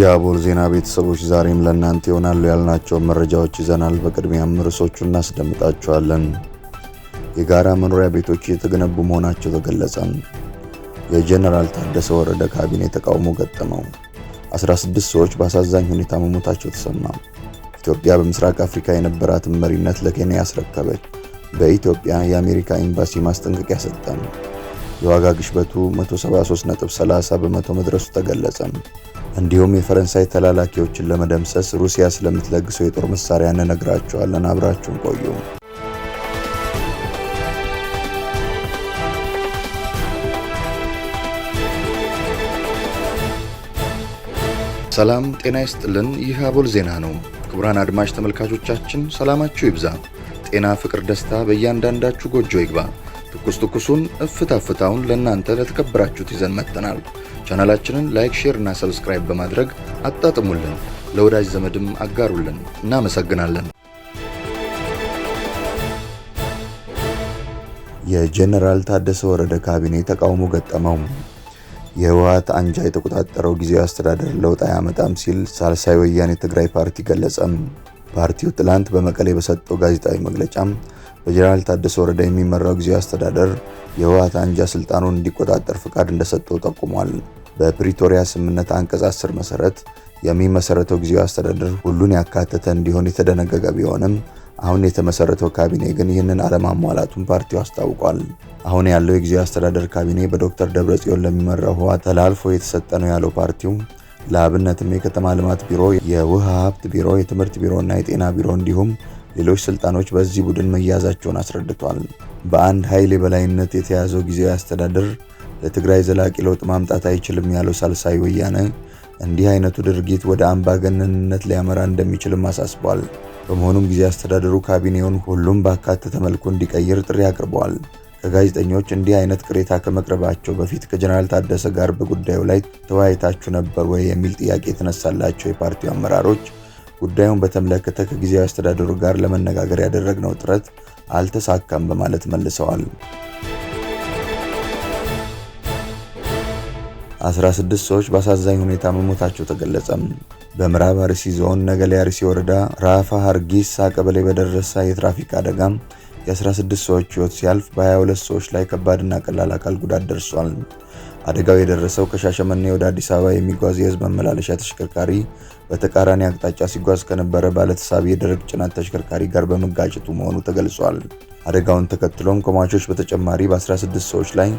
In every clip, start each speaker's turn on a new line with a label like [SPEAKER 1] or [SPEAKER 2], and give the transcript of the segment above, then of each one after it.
[SPEAKER 1] የአቦል ዜና ቤተሰቦች ዛሬም ለእናንተ ይሆናሉ ያልናቸውን መረጃዎች ይዘናል። በቅድሚያም ርዕሶቹ እናስደምጣቸዋለን። የጋራ መኖሪያ ቤቶች እየተገነቡ መሆናቸው ተገለጸ። የጀነራል ታደሰ ወረደ ካቢኔ ተቃውሞ ገጠመው። 16 ሰዎች በአሳዛኝ ሁኔታ መሞታቸው ተሰማ። ኢትዮጵያ በምስራቅ አፍሪካ የነበራትን መሪነት ለኬንያ ያስረከበች። በኢትዮጵያ የአሜሪካ ኤምባሲ ማስጠንቀቂያ ሰጠም። የዋጋ ግሽበቱ 173.30 በመቶ መድረሱ ተገለጸ። እንዲሁም የፈረንሳይ ተላላኪዎችን ለመደምሰስ ሩሲያ ስለምትለግሰው የጦር መሳሪያ እንነግራችኋለን። አብራችሁን ቆዩ።
[SPEAKER 2] ሰላም ጤና ይስጥልን። ይህ አቦል ዜና ነው። ክቡራን አድማጭ ተመልካቾቻችን ሰላማችሁ ይብዛ፣ ጤና፣ ፍቅር፣ ደስታ በእያንዳንዳችሁ ጎጆ ይግባ። ትኩስ ትኩሱን እፍታ ፍታውን ለእናንተ ለተከበራችሁት ይዘን መጥተናል። ቻናላችንን ላይክ፣ ሼር እና ሰብስክራይብ በማድረግ አጣጥሙልን፣ ለወዳጅ ዘመድም አጋሩልን። እናመሰግናለን።
[SPEAKER 1] የጄኔራል ታደሰ ወረደ ካቢኔ ተቃውሞ ገጠመው። የህወሓት አንጃ የተቆጣጠረው ጊዜያዊ አስተዳደር ለውጥ አያመጣም ሲል ሳልሳይ ወያኔ ትግራይ ፓርቲ ገለጸም። ፓርቲው ትላንት በመቀሌ በሰጠው ጋዜጣዊ መግለጫም በጄኔራል ታደሰ ወረደ የሚመራው ጊዜያዊ አስተዳደር የህወሓት አንጃ ስልጣኑን እንዲቆጣጠር ፍቃድ እንደሰጠው ጠቁሟል። በፕሪቶሪያ ስምምነት አንቀጽ 10 መሰረት የሚመሰረተው ጊዜያዊ አስተዳደር ሁሉን ያካተተ እንዲሆን የተደነገገ ቢሆንም አሁን የተመሰረተው ካቢኔ ግን ይህንን አለማሟላቱን ፓርቲው አስታውቋል። አሁን ያለው የጊዜያዊ አስተዳደር ካቢኔ በዶክተር ደብረጽዮን ለሚመራው ህወሓት ተላልፎ የተሰጠ ነው ያለው ፓርቲው ለአብነትም የከተማ ልማት ቢሮ፣ የውሃ ሀብት ቢሮ፣ የትምህርት ቢሮ እና የጤና ቢሮ እንዲሁም ሌሎች ስልጣኖች በዚህ ቡድን መያዛቸውን አስረድቷል። በአንድ ኃይል የበላይነት የተያዘው ጊዜያዊ አስተዳደር ለትግራይ ዘላቂ ለውጥ ማምጣት አይችልም ያለው ሳልሳይ ወያነ እንዲህ አይነቱ ድርጊት ወደ አምባገነንነት ሊያመራ እንደሚችልም አሳስቧል። በመሆኑም ጊዜ አስተዳደሩ ካቢኔውን ሁሉም ባካተተ መልኩ እንዲቀይር ጥሪ አቅርበዋል። ከጋዜጠኞች እንዲህ አይነት ቅሬታ ከመቅረባቸው በፊት ከጀነራል ታደሰ ጋር በጉዳዩ ላይ ተወያይታችሁ ነበር ወይ የሚል ጥያቄ የተነሳላቸው የፓርቲው አመራሮች ጉዳዩን በተመለከተ ከጊዜያዊ አስተዳደሩ ጋር ለመነጋገር ያደረግነው ጥረት አልተሳካም በማለት መልሰዋል። 16 ሰዎች በአሳዛኝ ሁኔታ መሞታቸው ተገለጸ። በምዕራብ አርሲ ዞን ነገሌ አርሲ ወረዳ ራፋ ሀርጊሳ ቀበሌ በደረሰ የትራፊክ አደጋ የ16 ሰዎች ህይወት ሲያልፍ በ22 ሰዎች ላይ ከባድና ቀላል አካል ጉዳት ደርሷል። አደጋው የደረሰው ከሻሸመኔ ወደ አዲስ አበባ የሚጓዝ የህዝብ መመላለሻ ተሽከርካሪ በተቃራኒ አቅጣጫ ሲጓዝ ከነበረ ባለተሳቢ የደረቅ ጭነት ተሽከርካሪ ጋር በመጋጨቱ መሆኑ ተገልጿል። አደጋውን ተከትሎም ከሟቾች በተጨማሪ በ16 ሰዎች ላይ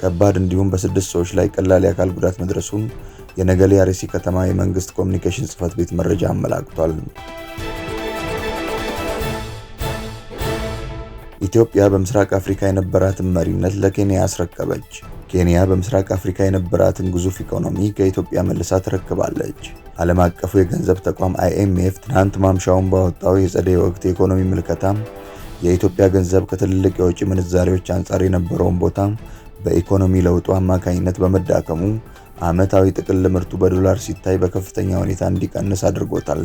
[SPEAKER 1] ከባድ እንዲሁም በስድስት ሰዎች ላይ ቀላል የአካል ጉዳት መድረሱን የነገሌ አርሲ ከተማ የመንግስት ኮሚኒኬሽን ጽህፈት ቤት መረጃ አመላክቷል። ኢትዮጵያ በምስራቅ አፍሪካ የነበራትን መሪነት ለኬንያ አስረከበች። ኬንያ በምስራቅ አፍሪካ የነበራትን ግዙፍ ኢኮኖሚ ከኢትዮጵያ መልሳ ትረክባለች። ዓለም አቀፉ የገንዘብ ተቋም አይኤምኤፍ ትናንት ማምሻውን ባወጣው የጸደይ ወቅት የኢኮኖሚ ምልከታ የኢትዮጵያ ገንዘብ ከትልልቅ የውጭ ምንዛሬዎች አንጻር የነበረውን ቦታ በኢኮኖሚ ለውጡ አማካኝነት በመዳከሙ ዓመታዊ ጥቅል ምርቱ በዶላር ሲታይ በከፍተኛ ሁኔታ እንዲቀንስ አድርጎታል።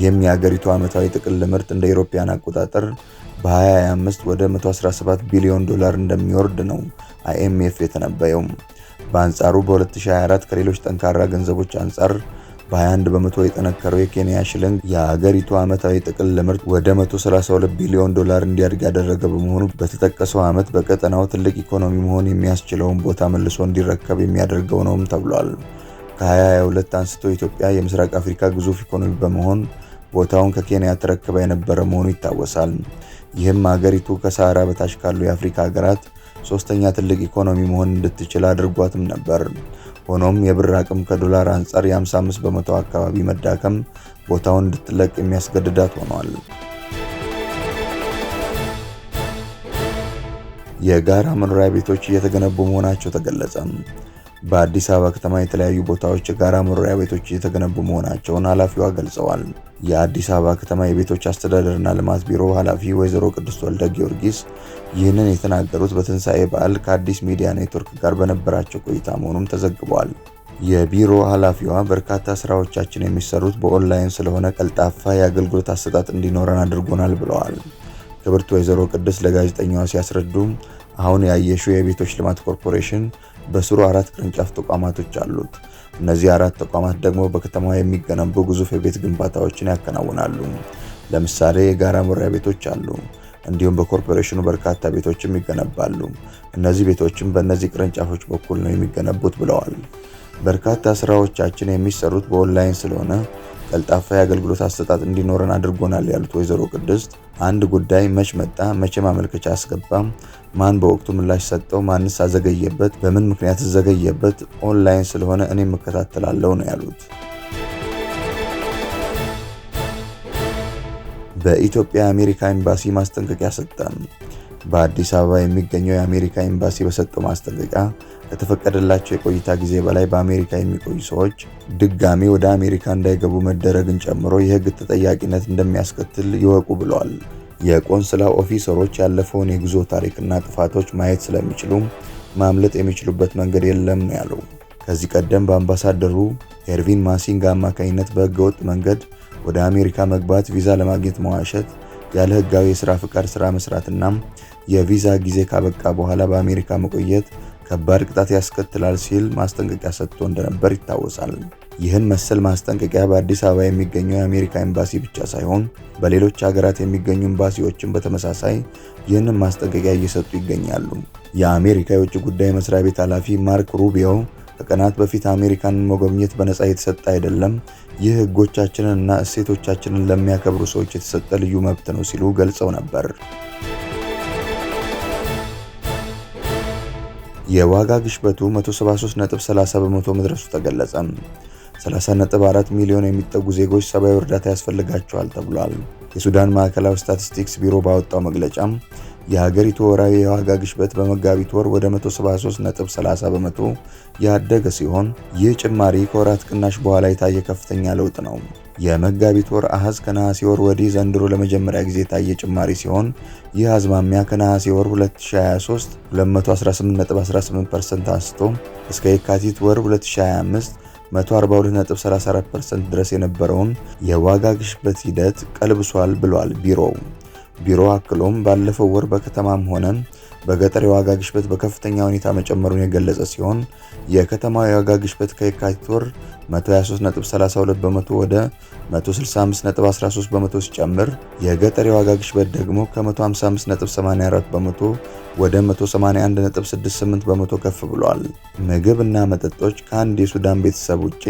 [SPEAKER 1] ይህም የአገሪቱ ዓመታዊ ጥቅል ምርት እንደ ኢሮፓያን አቆጣጠር በ2025 ወደ 117 ቢሊዮን ዶላር እንደሚወርድ ነው አይኤምኤፍ የተነበየው። በአንጻሩ በ2024 ከሌሎች ጠንካራ ገንዘቦች አንጻር በ21 በመቶ የጠነከረው የኬንያ ሽልንግ የአገሪቱ ዓመታዊ ጥቅል ምርት ወደ 132 ቢሊዮን ዶላር እንዲያድግ ያደረገ በመሆኑ በተጠቀሰው ዓመት በቀጠናው ትልቅ ኢኮኖሚ መሆን የሚያስችለውን ቦታ መልሶ እንዲረከብ የሚያደርገው ነውም ተብሏል። ከ2022 አንስቶ ኢትዮጵያ የምስራቅ አፍሪካ ግዙፍ ኢኮኖሚ በመሆን ቦታውን ከኬንያ ተረክባ የነበረ መሆኑ ይታወሳል። ይህም አገሪቱ ከሳህራ በታች ካሉ የአፍሪካ ሀገራት ሶስተኛ ትልቅ ኢኮኖሚ መሆን እንድትችል አድርጓትም ነበር። ሆኖም የብር አቅም ከዶላር አንጻር የ55 በመቶ አካባቢ መዳከም ቦታውን እንድትለቅ የሚያስገድዳት ሆኗል። የጋራ መኖሪያ ቤቶች እየተገነቡ መሆናቸው ተገለጸም። በአዲስ አበባ ከተማ የተለያዩ ቦታዎች የጋራ መኖሪያ ቤቶች እየተገነቡ መሆናቸውን ኃላፊዋ ገልጸዋል። የአዲስ አበባ ከተማ የቤቶች አስተዳደርና ልማት ቢሮ ኃላፊ ወይዘሮ ቅድስት ወልደ ጊዮርጊስ ይህንን የተናገሩት በትንሣኤ በዓል ከአዲስ ሚዲያ ኔትወርክ ጋር በነበራቸው ቆይታ መሆኑም ተዘግቧል። የቢሮ ኃላፊዋ በርካታ ስራዎቻችን የሚሰሩት በኦንላይን ስለሆነ ቀልጣፋ የአገልግሎት አሰጣጥ እንዲኖረን አድርጎናል ብለዋል። ክብርት ወይዘሮ ቅድስት ለጋዜጠኛዋ ሲያስረዱም አሁን ያየሹ የቤቶች ልማት ኮርፖሬሽን በስሩ አራት ቅርንጫፍ ተቋማቶች አሉት። እነዚህ አራት ተቋማት ደግሞ በከተማዋ የሚገነቡ ግዙፍ የቤት ግንባታዎችን ያከናውናሉ። ለምሳሌ የጋራ መኖሪያ ቤቶች አሉ። እንዲሁም በኮርፖሬሽኑ በርካታ ቤቶችም ይገነባሉ። እነዚህ ቤቶችም በእነዚህ ቅርንጫፎች በኩል ነው የሚገነቡት ብለዋል። በርካታ ስራዎቻችን የሚሰሩት በኦንላይን ስለሆነ ቀልጣፋ የአገልግሎት አሰጣጥ እንዲኖረን አድርጎናል ያሉት ወይዘሮ ቅድስት አንድ ጉዳይ መች መጣ፣ መቼ ማመልከቻ አስገባም፣ ማን በወቅቱ ምላሽ ሰጠው፣ ማንስ አዘገየበት፣ በምን ምክንያት ዘገየበት ኦንላይን ስለሆነ እኔ እከታተላለሁ ነው ያሉት። በኢትዮጵያ አሜሪካ ኤምባሲ ማስጠንቀቂያ ሰጠም። በአዲስ አበባ የሚገኘው የአሜሪካ ኤምባሲ በሰጠው ማስጠንቀቂያ ከተፈቀደላቸው የቆይታ ጊዜ በላይ በአሜሪካ የሚቆዩ ሰዎች ድጋሚ ወደ አሜሪካ እንዳይገቡ መደረግን ጨምሮ የሕግ ተጠያቂነት እንደሚያስከትል ይወቁ ብለዋል። የቆንስላ ኦፊሰሮች ያለፈውን የጉዞ ታሪክና ጥፋቶች ማየት ስለሚችሉ ማምለጥ የሚችሉበት መንገድ የለም ነው ያለው። ከዚህ ቀደም በአምባሳደሩ ኤርቪን ማሲንግ አማካኝነት በህገወጥ መንገድ ወደ አሜሪካ መግባት፣ ቪዛ ለማግኘት መዋሸት፣ ያለ ህጋዊ የስራ ፍቃድ ስራ መስራትና የቪዛ ጊዜ ካበቃ በኋላ በአሜሪካ መቆየት ከባድ ቅጣት ያስከትላል ሲል ማስጠንቀቂያ ሰጥቶ እንደነበር ይታወሳል። ይህን መሰል ማስጠንቀቂያ በአዲስ አበባ የሚገኘው የአሜሪካ ኤምባሲ ብቻ ሳይሆን በሌሎች ሀገራት የሚገኙ ኤምባሲዎችን በተመሳሳይ ይህንን ማስጠንቀቂያ እየሰጡ ይገኛሉ። የአሜሪካ የውጭ ጉዳይ መስሪያ ቤት ኃላፊ ማርክ ሩቢዮ ከቀናት በፊት አሜሪካን መጎብኘት በነፃ የተሰጠ አይደለም፣ ይህ ህጎቻችንን እና እሴቶቻችንን ለሚያከብሩ ሰዎች የተሰጠ ልዩ መብት ነው ሲሉ ገልጸው ነበር። የዋጋ ግሽበቱ 173.30 በመቶ መድረሱ ተገለጸ። 30.4 ሚሊዮን የሚጠጉ ዜጎች ሰብአዊ እርዳታ ያስፈልጋቸዋል ተብሏል። የሱዳን ማዕከላዊ ስታቲስቲክስ ቢሮ ባወጣው መግለጫ የሀገሪቱ ወራዊ የዋጋ ግሽበት በመጋቢት ወር ወደ 173.30 በመቶ ያደገ ሲሆን ይህ ጭማሪ ከወራት ቅናሽ በኋላ የታየ ከፍተኛ ለውጥ ነው። የመጋቢት ወር አሃዝ ከነሐሴ ወር ወዲህ ዘንድሮ ለመጀመሪያ ጊዜ የታየ ጭማሪ ሲሆን ይህ አዝማሚያ ከነሐሴ ወር 2023 218.18% አንስቶ እስከ የካቲት ወር 2025 142.34% ድረስ የነበረውን የዋጋ ግሽበት ሂደት ቀልብሷል ብሏል ቢሮው። ቢሮው አክሎም ባለፈው ወር በከተማም ሆነ በገጠር የዋጋ ግሽበት በከፍተኛ ሁኔታ መጨመሩን የገለጸ ሲሆን የከተማ የዋጋ ግሽበት ከየካቲት ወር 123.32 በመቶ ወደ 165.13 በመቶ ሲጨምር የገጠር የዋጋ ግሽበት ደግሞ ከ155.84 በመቶ ወደ 181.68 በመቶ ከፍ ብሏል። ምግብ እና መጠጦች ከአንድ የሱዳን ቤተሰብ ውጭ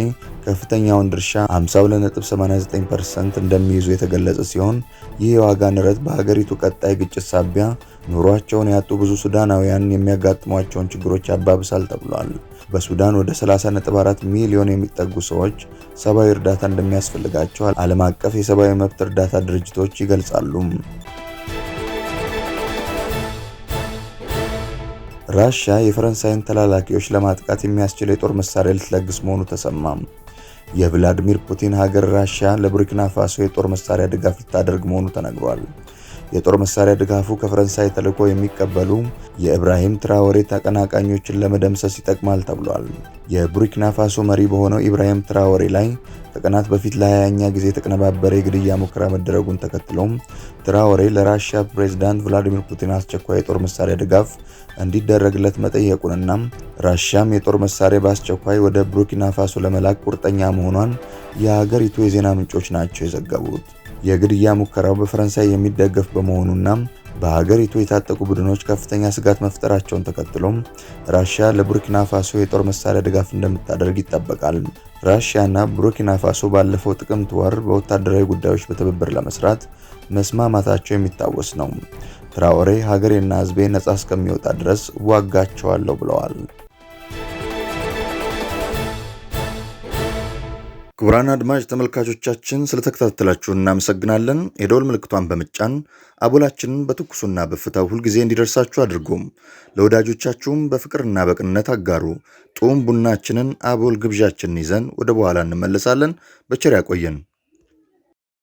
[SPEAKER 1] ከፍተኛውን ድርሻ 52.89 እንደሚይዙ የተገለጸ ሲሆን ይህ የዋጋ ንረት በሀገሪቱ ቀጣይ ግጭት ሳቢያ ኑሯቸውን ያጡ ብዙ ሱዳናውያን የሚያጋጥሟቸውን ችግሮች ያባብሳል ተብሏል። በሱዳን ወደ 30.4 ሚሊዮን የሚጠጉ ሰዎች ሰብአዊ እርዳታ እንደሚያስፈልጋቸው ዓለም አቀፍ የሰብአዊ መብት እርዳታ ድርጅቶች ይገልጻሉ። ራሽያ የፈረንሳይን ተላላኪዎች ለማጥቃት የሚያስችል የጦር መሳሪያ ልትለግስ መሆኑ ተሰማም። የቭላዲሚር ፑቲን ሀገር ራሽያ ለቡርኪና ፋሶ የጦር መሳሪያ ድጋፍ ልታደርግ መሆኑ ተነግሯል። የጦር መሳሪያ ድጋፉ ከፈረንሳይ ተልዕኮ የሚቀበሉ የኢብራሂም ትራወሬ ተቀናቃኞችን ለመደምሰስ ይጠቅማል ተብሏል። የቡርኪና ፋሶ መሪ በሆነው ኢብራሂም ትራወሬ ላይ ከቀናት በፊት ለሀያኛ ጊዜ የተቀነባበረ የግድያ ሙከራ መደረጉን ተከትሎም ትራወሬ ለራሽያ ፕሬዚዳንት ቭላዲሚር ፑቲን አስቸኳይ የጦር መሳሪያ ድጋፍ እንዲደረግለት መጠየቁንና ራሽያም የጦር መሳሪያ በአስቸኳይ ወደ ቡርኪና ፋሶ ለመላክ ቁርጠኛ መሆኗን የሀገሪቱ የዜና ምንጮች ናቸው የዘገቡት። የግድያ ሙከራው በፈረንሳይ የሚደገፍ በመሆኑና በሀገሪቱ የታጠቁ ቡድኖች ከፍተኛ ስጋት መፍጠራቸውን ተከትሎም ራሽያ ለቡርኪና ፋሶ የጦር መሳሪያ ድጋፍ እንደምታደርግ ይጠበቃል። ራሽያና ቡርኪና ፋሶ ባለፈው ጥቅምት ወር በወታደራዊ ጉዳዮች በትብብር ለመስራት መስማማታቸው የሚታወስ ነው። ትራኦሬ ሀገሬና ሕዝቤ ነጻ እስከሚወጣ ድረስ ዋጋቸዋለሁ ብለዋል።
[SPEAKER 2] ክቡራን አድማጭ ተመልካቾቻችን ስለተከታተላችሁ እናመሰግናለን። የደወል ምልክቷን በመጫን አቦላችንን በትኩሱና በእፍታው ሁልጊዜ እንዲደርሳችሁ አድርጉም። ለወዳጆቻችሁም በፍቅርና በቅንነት አጋሩ። ጡም ቡናችንን አቦል ግብዣችንን ይዘን ወደ በኋላ እንመለሳለን። በቸር ያቆየን።